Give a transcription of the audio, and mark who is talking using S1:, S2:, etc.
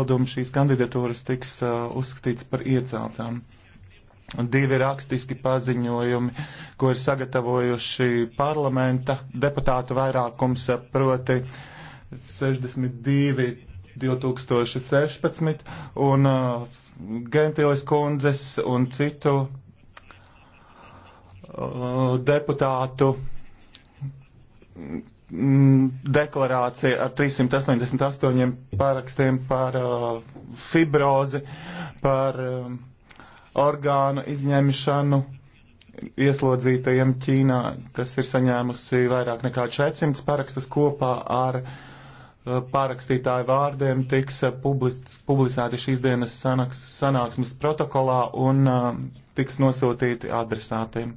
S1: Padomu šīs kandidatūras tiks uh, uzskatīts par ieceltām. Divi rakstiski paziņojumi, ko ir sagatavojuši parlamenta deputātu vairākums, proti 62 2016 un uh, Gentilis kundzes un citu uh, deputātu Mm, deklarācija ar 388 parakstiem par uh, fibrozi, par uh, orgānu izņemšanu ieslodzītajiem Ķīnā, kas ir saņēmusi vairāk nekā 400 parakstus kopā ar uh, Eh, pārakstītāju vārdiem tiks eh, publis, publicēti šīs dienas sanaks, sanāksmes protokolā un uh, tiks nosūtīti adresātiem.